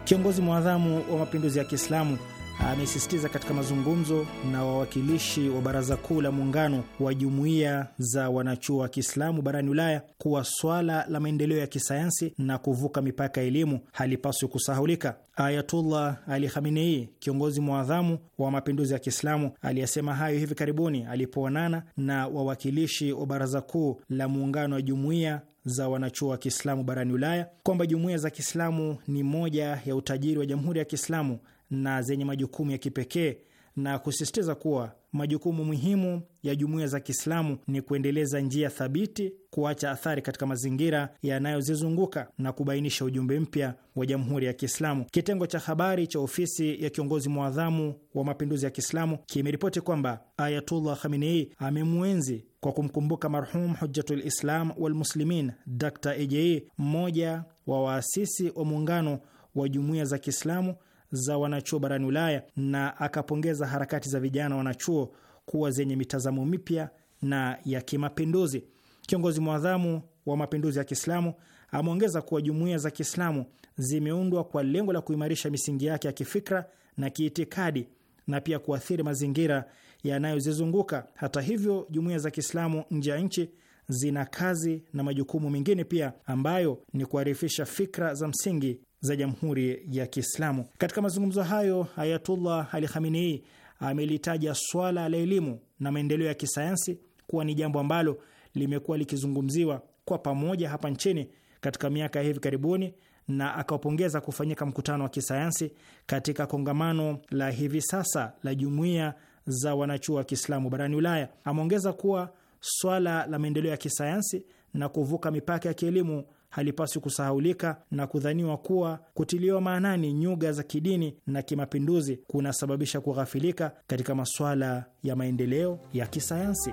Speaker 5: kiongozi mwadhamu wa mapinduzi ya Kiislamu amesisitiza katika mazungumzo na wawakilishi wa Baraza Kuu la Muungano wa Jumuiya za Wanachuo wa Kiislamu barani Ulaya kuwa swala la maendeleo ya kisayansi na kuvuka mipaka ya elimu halipaswi kusahaulika. Ayatullah Ali Khamenei, kiongozi mwadhamu wa mapinduzi ya Kiislamu, aliyesema hayo hivi karibuni alipoonana na wawakilishi wa Baraza Kuu la Muungano wa Jumuiya za wanachuo wa Kiislamu barani Ulaya kwamba jumuiya za Kiislamu ni moja ya utajiri wa Jamhuri ya Kiislamu na zenye majukumu ya kipekee na kusisitiza kuwa majukumu muhimu ya jumuiya za Kiislamu ni kuendeleza njia thabiti, kuacha athari katika mazingira yanayozizunguka na kubainisha ujumbe mpya wa Jamhuri ya Kiislamu. Kitengo cha habari cha ofisi ya kiongozi mwadhamu wa mapinduzi ya Kiislamu kimeripoti kwamba Ayatullah Khamenei amemwenzi kwa kumkumbuka marhum Hujjatul Islam Walmuslimin Dr Ejei, mmoja wa waasisi wa muungano wa jumuiya za Kiislamu za wanachuo barani Ulaya na akapongeza harakati za vijana wanachuo kuwa zenye mitazamo mipya na ya kimapinduzi. Kiongozi mwadhamu wa mapinduzi ya Kiislamu ameongeza kuwa jumuiya za Kiislamu zimeundwa kwa lengo la kuimarisha misingi yake ya kifikra na kiitikadi na pia kuathiri mazingira yanayozizunguka. Hata hivyo, jumuiya za Kiislamu nje ya nchi zina kazi na majukumu mengine pia ambayo ni kuarifisha fikra za msingi za Jamhuri ya Kiislamu. Katika mazungumzo hayo, Ayatullah Ali Khamenei amelitaja swala la elimu na maendeleo ya kisayansi kuwa ni jambo ambalo limekuwa likizungumziwa kwa pamoja hapa nchini katika miaka ya hivi karibuni na akawapongeza kufanyika mkutano wa kisayansi katika kongamano la hivi sasa la jumuiya za wanachuo wa Kiislamu barani Ulaya. Ameongeza kuwa swala la maendeleo ya kisayansi na kuvuka mipaka ya kielimu halipaswi kusahaulika na kudhaniwa kuwa kutiliwa maanani nyuga za kidini na kimapinduzi kunasababisha kughafilika katika masuala ya maendeleo ya kisayansi.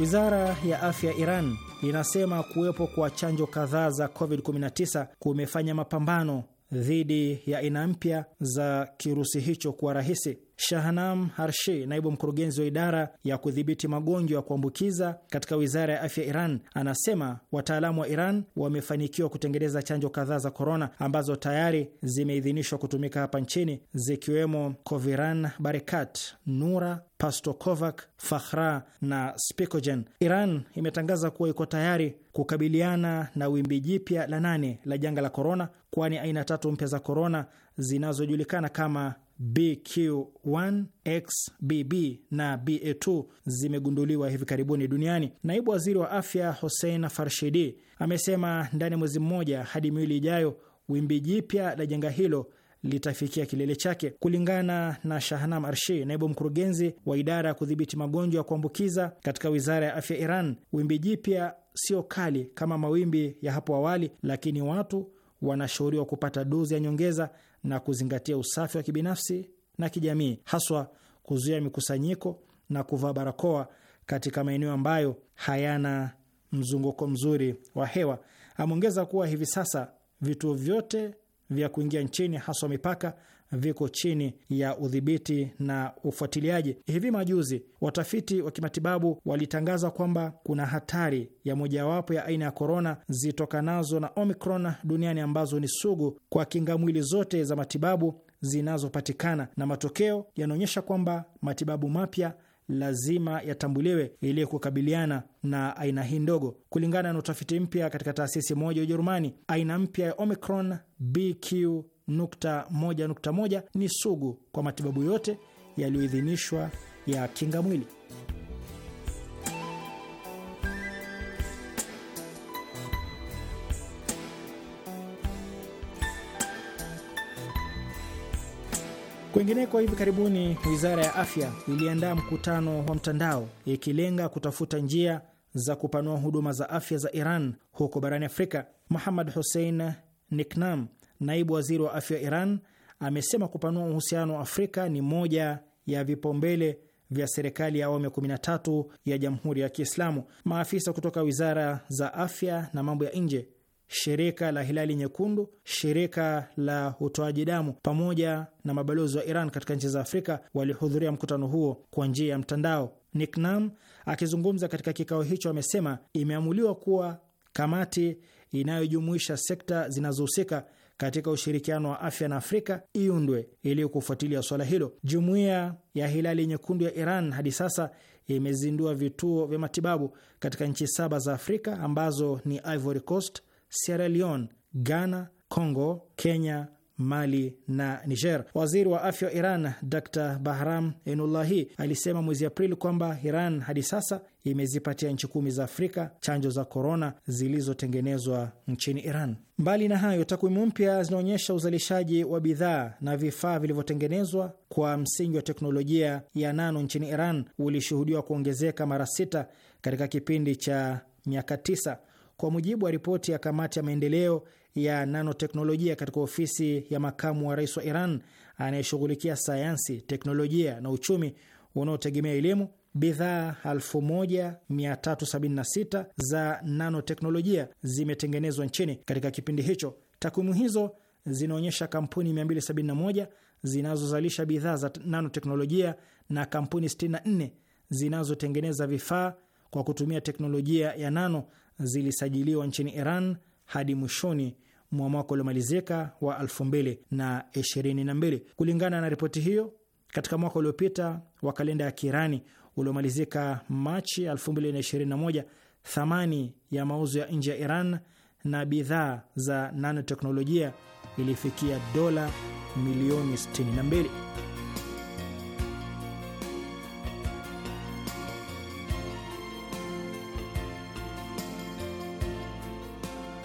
Speaker 5: Wizara ya afya Iran inasema kuwepo kwa chanjo kadhaa za COVID-19 kumefanya mapambano dhidi ya aina mpya za kirusi hicho kuwa rahisi. Shahnam Harshi, naibu mkurugenzi wa idara ya kudhibiti magonjwa ya kuambukiza katika wizara ya afya Iran, anasema wataalamu wa Iran wamefanikiwa kutengeneza chanjo kadhaa za korona ambazo tayari zimeidhinishwa kutumika hapa nchini zikiwemo Coviran barikat Nura, pastokovak Fakhra na Spikogen. Iran imetangaza kuwa iko tayari kukabiliana na wimbi jipya la nane la janga la korona, kwani aina tatu mpya za korona zinazojulikana kama BQ1XBB na BA2 zimegunduliwa hivi karibuni duniani. Naibu waziri wa afya Hussein Farshidi amesema ndani ya mwezi mmoja hadi miwili ijayo wimbi jipya la janga hilo litafikia kilele chake. Kulingana na Shahnam Arshi, naibu mkurugenzi wa idara ya kudhibiti magonjwa ya kuambukiza katika wizara ya afya Iran, wimbi jipya sio kali kama mawimbi ya hapo awali, lakini watu wanashauriwa kupata dozi ya nyongeza na kuzingatia usafi wa kibinafsi na kijamii, haswa kuzuia mikusanyiko na kuvaa barakoa katika maeneo ambayo hayana mzunguko mzuri wa hewa. Ameongeza kuwa hivi sasa vituo vyote vya kuingia nchini, haswa mipaka, viko chini ya udhibiti na ufuatiliaji. Hivi majuzi watafiti wa kimatibabu walitangaza kwamba kuna hatari ya mojawapo ya aina ya korona zitokanazo na Omicron duniani ambazo ni sugu kwa kingamwili zote za matibabu zinazopatikana, na matokeo yanaonyesha kwamba matibabu mapya lazima yatambuliwe ili kukabiliana na aina hii ndogo. Kulingana na utafiti mpya katika taasisi moja ya Ujerumani, aina mpya ya Omicron BQ 1.1 ni sugu kwa matibabu yote yaliyoidhinishwa ya kinga mwili. Kwingineko, hivi karibuni Wizara ya Afya iliandaa mkutano wa mtandao ikilenga kutafuta njia za kupanua huduma za afya za Iran huko barani Afrika. Muhammad Hussein Niknam naibu waziri wa afya wa Iran, amesema kupanua uhusiano wa Afrika ni moja ya vipaumbele vya serikali ya awamu ya 13 ya Jamhuri ya Kiislamu. Maafisa kutoka wizara za afya na mambo ya nje, shirika la Hilali Nyekundu, shirika la utoaji damu, pamoja na mabalozi wa Iran katika nchi za Afrika walihudhuria mkutano huo kwa njia ya mtandao. Nick Nam akizungumza katika kikao hicho amesema imeamuliwa kuwa kamati inayojumuisha sekta zinazohusika katika ushirikiano wa afya na Afrika iundwe ili kufuatilia swala hilo. Jumuiya ya Hilali Nyekundu ya Iran hadi sasa imezindua vituo vya matibabu katika nchi saba za Afrika ambazo ni Ivory Coast, Sierra Leone, Ghana, Congo, Kenya, Mali na Niger. Waziri wa afya wa Iran Dr Bahram enullahi alisema mwezi Aprili kwamba Iran hadi sasa imezipatia nchi kumi za Afrika chanjo za korona zilizotengenezwa nchini Iran. Mbali na hayo, takwimu mpya zinaonyesha uzalishaji wa bidhaa na vifaa vilivyotengenezwa kwa msingi wa teknolojia ya nano nchini Iran ulishuhudiwa kuongezeka mara sita katika kipindi cha miaka tisa, kwa mujibu wa ripoti ya kamati ya maendeleo ya nanoteknolojia katika ofisi ya makamu wa rais wa Iran anayeshughulikia sayansi, teknolojia na uchumi unaotegemea elimu, bidhaa 1376 za nanoteknolojia zimetengenezwa nchini katika kipindi hicho. Takwimu hizo zinaonyesha kampuni 271 zinazozalisha bidhaa za nanoteknolojia na kampuni 64 zinazotengeneza vifaa kwa kutumia teknolojia ya nano zilisajiliwa nchini Iran hadi mwishoni mwa mwaka uliomalizika wa 2022. Kulingana na ripoti hiyo, katika mwaka uliopita wa kalenda ya kiirani uliomalizika Machi 2021, thamani ya mauzo ya nje ya Iran na bidhaa za nanoteknolojia ilifikia dola milioni 62.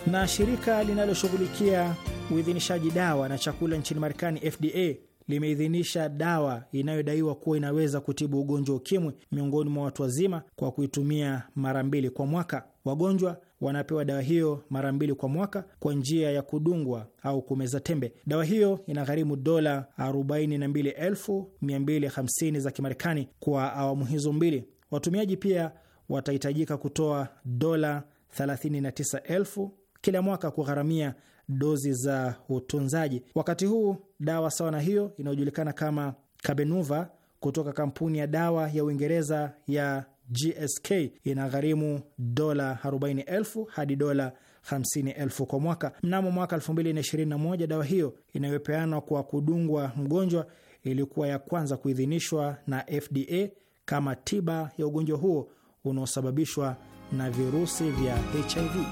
Speaker 5: Na shirika linaloshughulikia uidhinishaji dawa na chakula nchini Marekani, FDA, limeidhinisha dawa inayodaiwa kuwa inaweza kutibu ugonjwa ukimwi miongoni mwa watu wazima kwa kuitumia mara mbili kwa mwaka. Wagonjwa wanapewa dawa hiyo mara mbili kwa mwaka kwa njia ya kudungwa au kumeza tembe. Dawa hiyo inagharimu dola 42250 za Kimarekani kwa awamu hizo mbili. Watumiaji pia watahitajika kutoa dola 39000 kila mwaka kugharamia dozi za utunzaji. Wakati huu dawa sawa na hiyo inayojulikana kama Cabenuva kutoka kampuni ya dawa ya Uingereza ya GSK inagharimu dola 40,000 hadi dola 50,000 kwa mwaka. Mnamo mwaka 2021 dawa hiyo inayopeanwa kwa kudungwa mgonjwa ilikuwa ya kwanza kuidhinishwa na FDA kama tiba ya ugonjwa huo unaosababishwa na virusi vya HIV.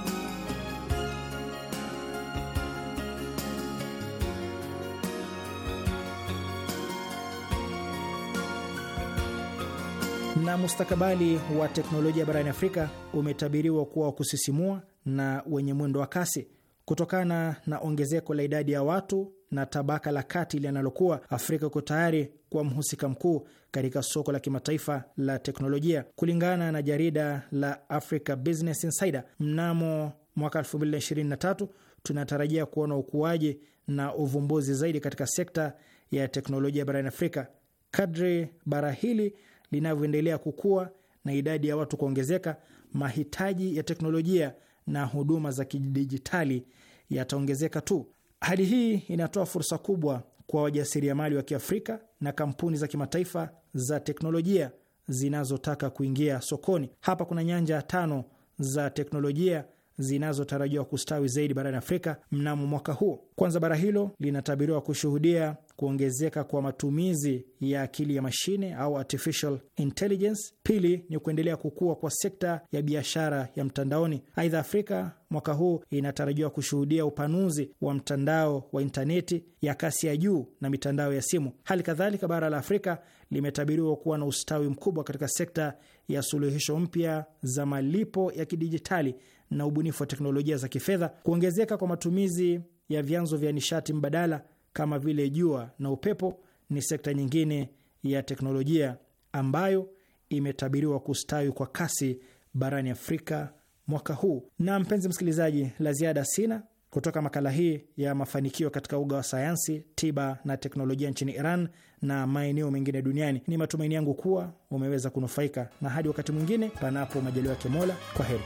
Speaker 5: Na mustakabali wa teknolojia barani Afrika umetabiriwa kuwa wa kusisimua na wenye mwendo wa kasi kutokana na ongezeko la idadi ya watu na tabaka la kati linalokuwa. Afrika iko tayari kuwa mhusika mkuu katika soko la kimataifa la teknolojia. Kulingana na jarida la Africa Business Insider, mnamo mwaka 2023 tunatarajia kuona ukuaji na uvumbuzi zaidi katika sekta ya teknolojia barani Afrika. Kadri bara hili linavyoendelea kukua na idadi ya watu kuongezeka, mahitaji ya teknolojia na huduma za kidijitali yataongezeka tu. Hali hii inatoa fursa kubwa kwa wajasiriamali wa Kiafrika na kampuni za kimataifa za teknolojia zinazotaka kuingia sokoni. Hapa kuna nyanja tano za teknolojia zinazotarajiwa kustawi zaidi barani Afrika mnamo mwaka huo. Kwanza, bara hilo linatabiriwa kushuhudia kuongezeka kwa matumizi ya akili ya mashine au artificial intelligence. Pili ni kuendelea kukua kwa sekta ya biashara ya mtandaoni. Aidha, Afrika mwaka huu inatarajiwa kushuhudia upanuzi wa mtandao wa intaneti ya kasi ya juu na mitandao ya simu. Hali kadhalika, bara la Afrika limetabiriwa kuwa na ustawi mkubwa katika sekta ya suluhisho mpya za malipo ya kidijitali na ubunifu wa teknolojia za kifedha, kuongezeka kwa matumizi ya vyanzo vya nishati mbadala kama vile jua na upepo ni sekta nyingine ya teknolojia ambayo imetabiriwa kustawi kwa kasi barani Afrika mwaka huu. Na mpenzi msikilizaji, la ziada sina kutoka makala hii ya mafanikio katika uga wa sayansi, tiba na teknolojia nchini Iran na maeneo mengine duniani. Ni matumaini yangu kuwa umeweza kunufaika, na hadi wakati mwingine, panapo majaliwa yake Mola, kwa heri.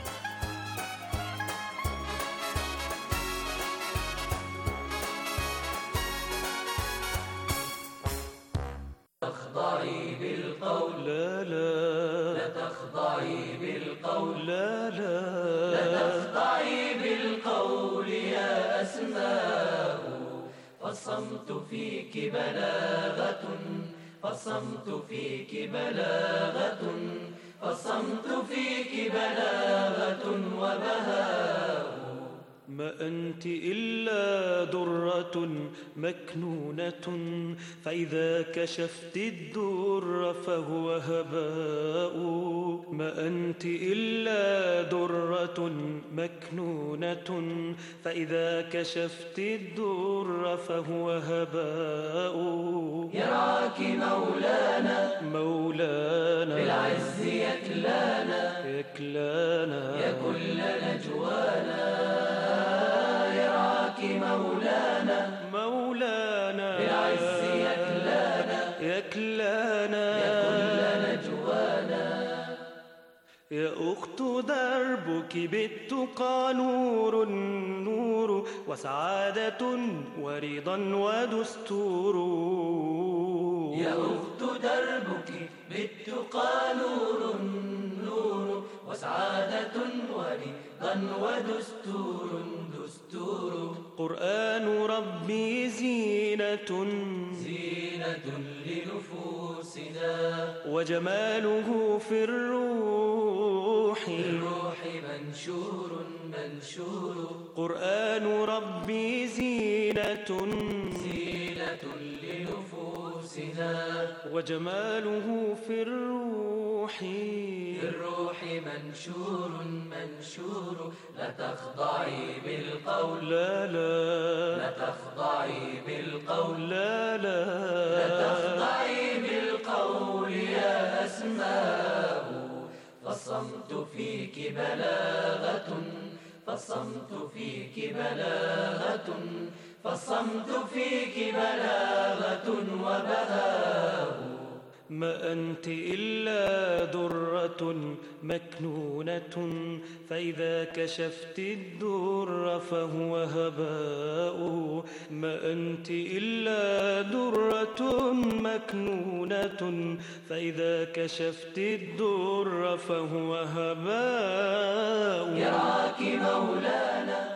Speaker 6: فصمت فيك بلاغة فصمت فيك بلاغة وبهاء ما أنت إلا درة مكنونة فإذا كشفت الدر فهو هباء ما أنت إلا درة مكنونة فإذا كشفت الدر فهو هباء يراك مولانا مولانا بالعز يكلانا يكلانا يكل نجوانا كبت قى نور نور وسعادة ورضا ودستور يا أخت دربك بالتقى نور النور وسعادة ورضا ودستور دستور قرآن ربي زينة زينة لنفوسنا وجماله في الروح في الروح منشور منشور قرآن ربي زينة زينة لنفوسنا نفسنا وجماله في الروح في الروح منشور منشور لا تخضعي بالقول لا لا لا تخضعي بالقول لا لا لا تخضعي بالقول يا أسماء فالصمت فيك بلاغة فالصمت فيك بلاغة فالصمت فيك بلاغة وبهاء ما أنت إلا درة مكنونة فإذا كشفت الدر فهو هباء ما أنت إلا درة مكنونة فإذا كشفت الدر فهو هباء يراك مولانا